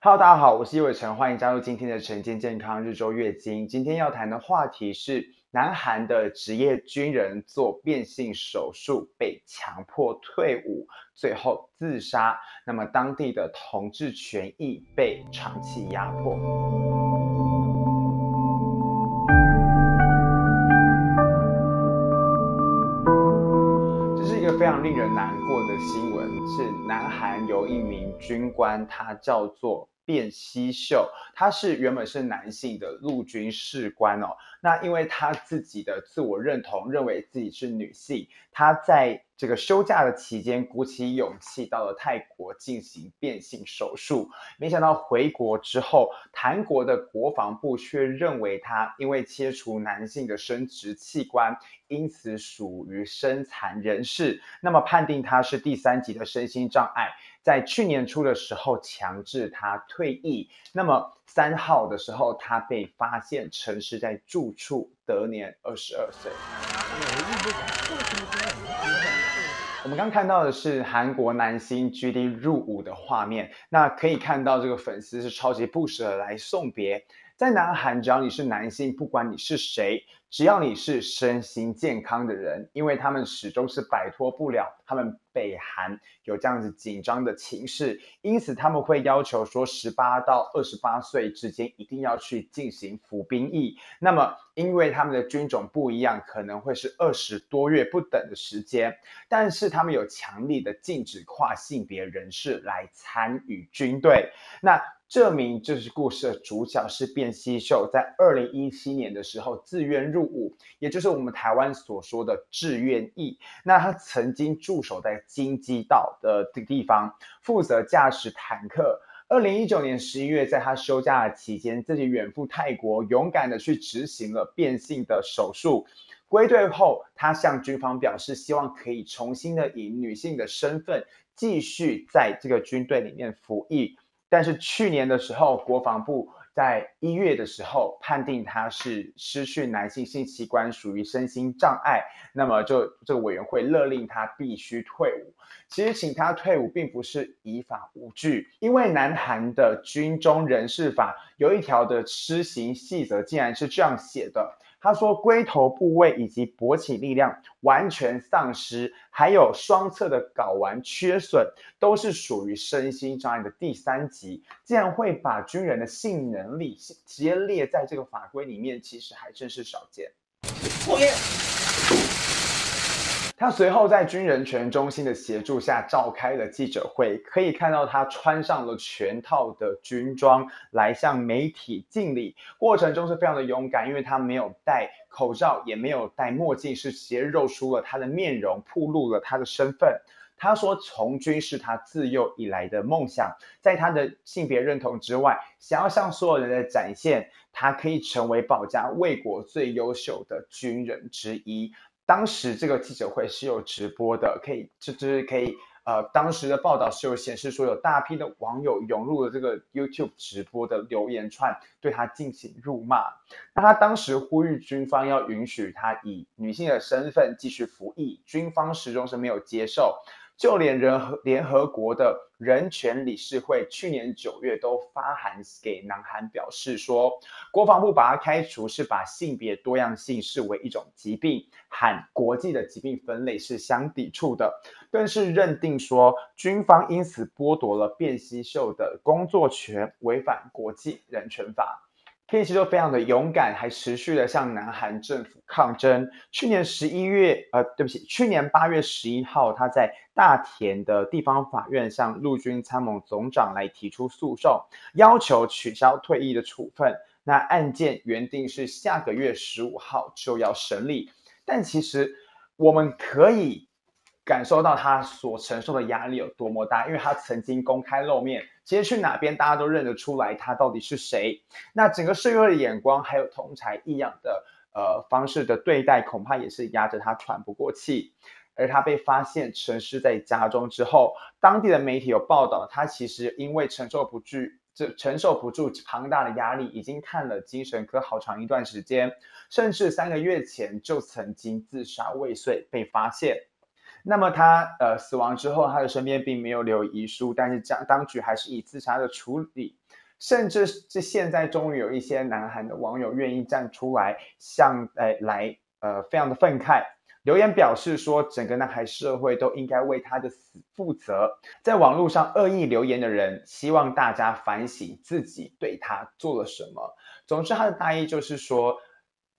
Hello，大家好，我是葉偉辰，歡迎加入今天的辰間健康日週月經。今天要談的話題是，南韓的職業軍人做變性手術被強迫退伍，最後自殺。那麼當地的同志權益被長期壓迫。令人難過的新聞是，南韓有一名軍官，他叫做卞熙秀，他是原本是男性的陸軍士官哦，那因為他自己的自我認同，認為自己是女性，他在。這個休假的期間，鼓起勇氣到了泰國進行變性手術，沒想到回國之後，韓國的國防部卻認為他因為切除男性的生殖器官，因此屬於身殘人士，那麼判定他是第三級的身心障礙，在去年初的時候強制他退役。那麼三號的時候，他被發現陳屍在住處，得年二十二歲。我們剛看到的是韓國男星 GD 入伍的畫面，那可以看到這個粉絲是超級不捨來送別。在南韓，只要你是男性，不管你是誰，只要你是身心健康的人，因為他們始終是擺脫不了他們。北韓有這樣子緊張的情勢，因此他們會要求說，十八到二十八歲之間一定要去進行服兵役。那麼，因為他們的軍種不一樣，可能會是二十多月不等的時間。但是他們有強力的禁止跨性別人士來參與軍隊。那這名就是故事的主角是卞熙秀，在二零一七年的時候自願入伍，也就是我們台灣所說的志願役。那他曾經駐守在。京畿道的這個地方負責駕駛坦克。二零一九年十一月，在他休假的期間，自己遠赴泰國，勇敢的去執行了變性的手術。歸隊後，他向軍方表示希望可以重新的以女性的身份繼續在這個軍隊裡面服役。但是去年的時候，國防部。1> 在一月的時候，判定他是失去男性性器官，屬於身心障礙，那麼就這個委員會勒令他必須退伍。其實請他退伍並不是於法無據，因為南韓的軍中人事法有一條的施行細則，竟然是這樣寫的。他說，龜頭部位以及勃起力量完全喪失，還有雙側的睾丸缺損，都是屬於身心障礙的第三級。竟然會把軍人的性能力直接列在這個法規裡面，其實還真是少見。他隨後在軍人權中心的協助下召開了記者會，可以看到他穿上了全套的軍裝來向媒體敬禮，過程中是非常的勇敢，因為他沒有戴口罩，也沒有戴墨鏡，是直接露出了他的面容，暴露了他的身份。他說，從軍是他自幼以來的夢想，在他的性別認同之外，想要向所有人來展現他可以成為保家衛國最優秀的軍人之一。當時這個記者會是有直播的，可以，這、這是可以，呃，當時的報道是有顯示說有大批的網友湧入了這個 YouTube 直播的留言串，對他進行辱罵。那他當時呼籲軍方要允許他以女性的身份繼續服役，軍方始終是沒有接受。就連人和聯合國的人權理事會去年九月都發函給南韓，表示說，國防部把它開除是把性別多樣性視為一種疾病，和國際的疾病分類是相抵觸的，更是認定說，軍方因此剝奪了卞熙秀的工作權，違反國際人權法。佩奇就非常的勇敢，還持續的向南韓政府抗爭。去年十一月，呃，對不起，去年八月十一號，他在大田的地方法院向陸軍參謀總長來提出訴訟，要求取消退役的處分。那案件原定是下個月十五號就要審理，但其實我們可以感受到他所承受的壓力有多麼大，因為他曾經公開露面。其實去哪邊，大家都認得出來他到底是誰。那整個社會的眼光，還有同儕異樣的呃方式的對待，恐怕也是壓着他喘不過氣。而他被發現陳屍在家中之後，當地的媒體有報道，他其實因為承受不住這承受不住龐大的壓力，已經看了精神科好長一段時間，甚至三個月前就曾經自殺未遂被發現。那麼他呃死亡之後，他的身邊並沒有留遺書，但是當當局還是以自殺的處理，甚至是現在終於有一些南韓的網友願意站出來，向哎、呃、來呃非常的憤慨。留言表示說，整個南韓社會都應該為他的死負責，在網絡上惡意留言的人，希望大家反省自己對他做了什麼。總之他的大意就是說，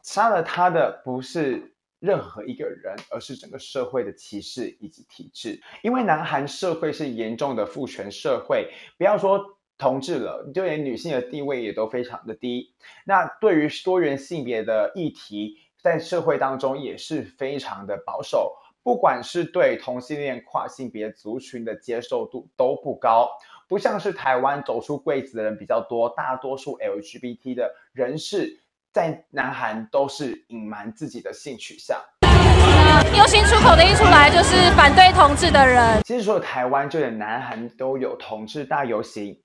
殺了他的不是。任何一個人，而是整個社會的歧視以及體制。因為南韓社會是嚴重的父權社會，不要說同志了，就連女性的地位也都非常的低。那對於多元性別的議題，在社會當中也是非常的保守，不管是對同性戀、跨性別族群的接受度都不高，不像是台灣走出櫃子的人比較多，大多數 LGBT 的人士，在南韓都是隱瞞自己的性取向。遊行、呃、出口的一出來就是反對同志的人。其實，所有台灣就連南韓都有同志大遊行，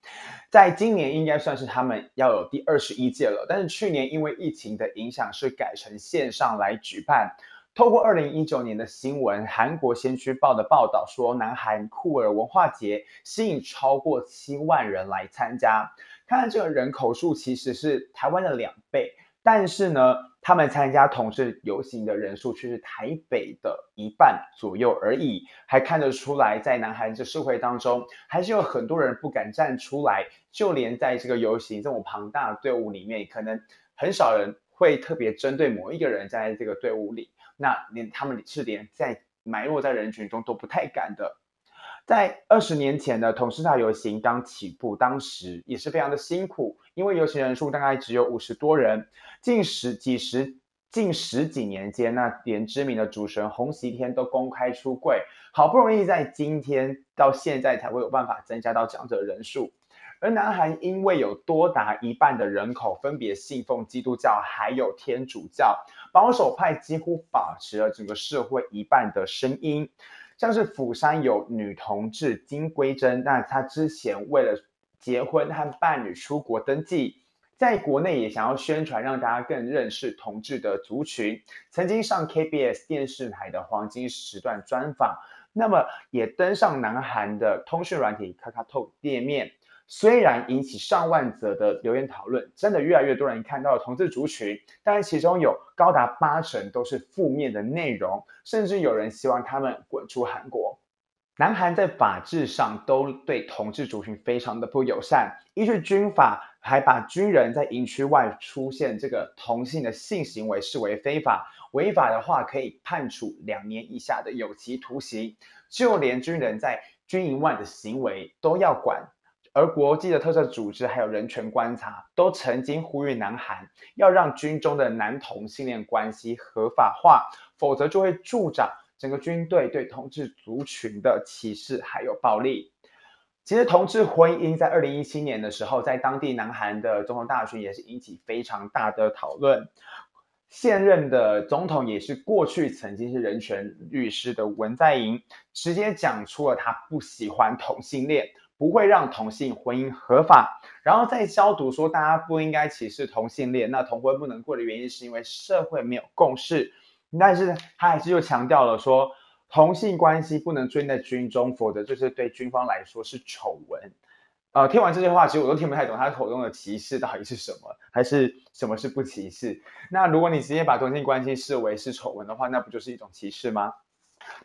在今年應該算是他們要有第二十一屆了。但是去年因為疫情的影響，是改成線上來舉辦。透過二零一九年的新聞，《韓國先驅報》的報道說，南韓酷兒文化節吸引超過七萬人來參加。看看這個人口數，其實是台灣的兩倍。但是呢，他們參加同志遊行的人數卻是台北的一半左右而已，還看得出來，在男孩這社會當中，還是有很多人不敢站出來，就連在這個遊行這種龐大的隊伍裡面，可能很少人會特別針對某一個人站在這個隊伍裡，那連他們是連在埋落在人群中都不太敢的。在二十年前的同志大遊行剛起步，當時也是非常的辛苦，因為遊行人數大概只有五十多人。近十幾十近十幾年間，那連知名的主持人洪錫天都公開出櫃，好不容易在今天到現在才會有辦法增加到這樣子的人數。而南韓因為有多達一半的人口分別信奉基督教還有天主教，保守派幾乎把持了整個社會一半的聲音。像是釜山有女同志金圭珍，那她之前為了結婚和伴侶出國登記，在國內也想要宣傳，讓大家更認識同志的族群，曾經上 KBS 電視台的黃金時段專訪，那麼也登上南韓的通訊軟體 KakaoTalk 店面。雖然引起上萬則的留言討論，真的越來越多人看到了同志族群，但是其中有高達八成都是負面的內容，甚至有人希望他們滾出韓國。南韓在法制上都對同志族群非常的不友善，依據軍法，還把軍人在營區外出現這個同性的性行為視為非法，違法的話可以判處兩年以下的有期徒刑，就連軍人在軍營外的行為都要管。而國際的特赦組織還有人權觀察都曾經呼籲南韓要讓軍中的男同性戀關係合法化，否則就會助長整個軍隊對同志族群的歧視還有暴力。其實，同志婚姻在二零一七年的時候，在當地南韓的總統大選也是引起非常大的討論。現任的總統也是過去曾經是人權律師的文在寅，直接講出了他不喜歡同性戀，不會讓同性婚姻合法，然後再消毒說大家不應該歧視同性戀。那同婚不能過的原因是因為社會沒有共識，但是他還是又強調了說同性關係不能出現在軍中，否則就是對軍方來說是醜聞。呃，聽完這些話，其實我都聽不太懂他口中的歧視到底是什麼，還是什麼是不歧視？那如果你直接把同性關係視為是醜聞的話，那不就是一種歧視嗎？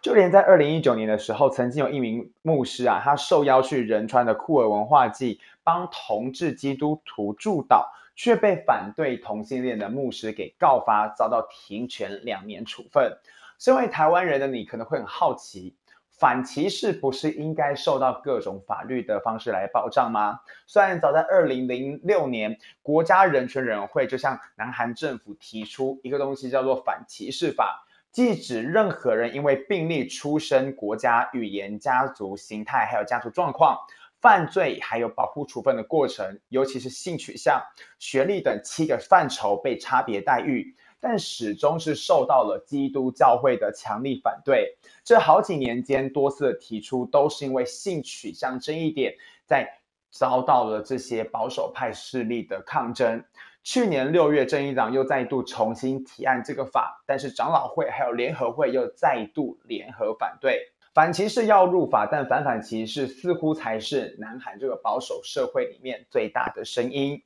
就連在二零一九年的時候，曾經有一名牧師啊，他受邀去仁川的酷兒文化祭幫同志基督徒祝禱，卻被反對同性戀的牧師給告發，遭到停權兩年處分。身為台灣人的你，可能會很好奇，反歧視不是應該受到各種法律的方式來保障嗎？雖然早在二零零六年，國家人權委員會就向南韓政府提出一個東西，叫做反歧視法。即指任何人因為病例、出身、國家、語言、家族形態、還有家族狀況、犯罪、還有保護處分的過程，尤其是性取向、學歷等七個範疇被差別待遇，但始終是受到了基督教會的強力反對。這好幾年間多次的提出，都是因為性取向爭議點，在遭到了這些保守派勢力的抗爭。去年六月，正義黨又再度重新提案這個法，但是長老會還有聯合會又再度聯合反對反歧視要入法，但反反歧視似乎才是南韓這個保守社會裡面最大的聲音。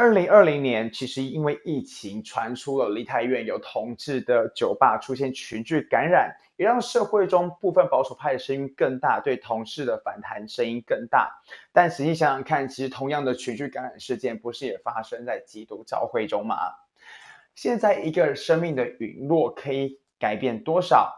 二零二零年，其實因為疫情，傳出了梨泰院有同志的酒吧出現群聚感染，也讓社會中部分保守派的聲音更大，對同志的反彈聲音更大。但實際想想看，其實同樣的群聚感染事件，不是也發生在基督教會中嗎？現在一個生命的隕落可以改變多少？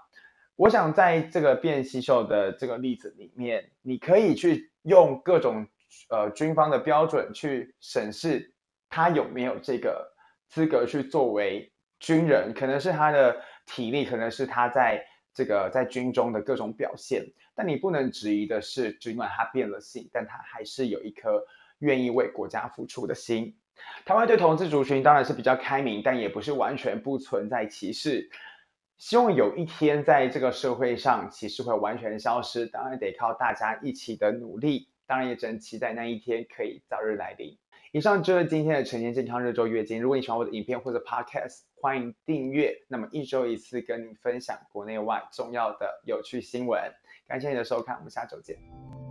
我想在這個卞熙秀的這個例子裡面，你可以去用各種呃軍方的標準去審視。他有沒有這個資格去作為軍人？可能是他的體力，可能是他在這個在軍中的各種表現。但你不能質疑的是，儘管他變了性，但他還是有一顆願意為國家付出的心。台灣對同志族群當然是比較開明，但也不是完全不存在歧視。希望有一天在這個社會上歧視會完全消失，當然得靠大家一起的努力。當然也只能期待那一天可以早日來臨。以上就是今天的辰間健康、日周月經。如果你喜歡我的影片、或者 podcast，歡迎訂閱。那麼一周一次跟你分享國內外重要的有趣新聞。感謝你的收看，我們下周見。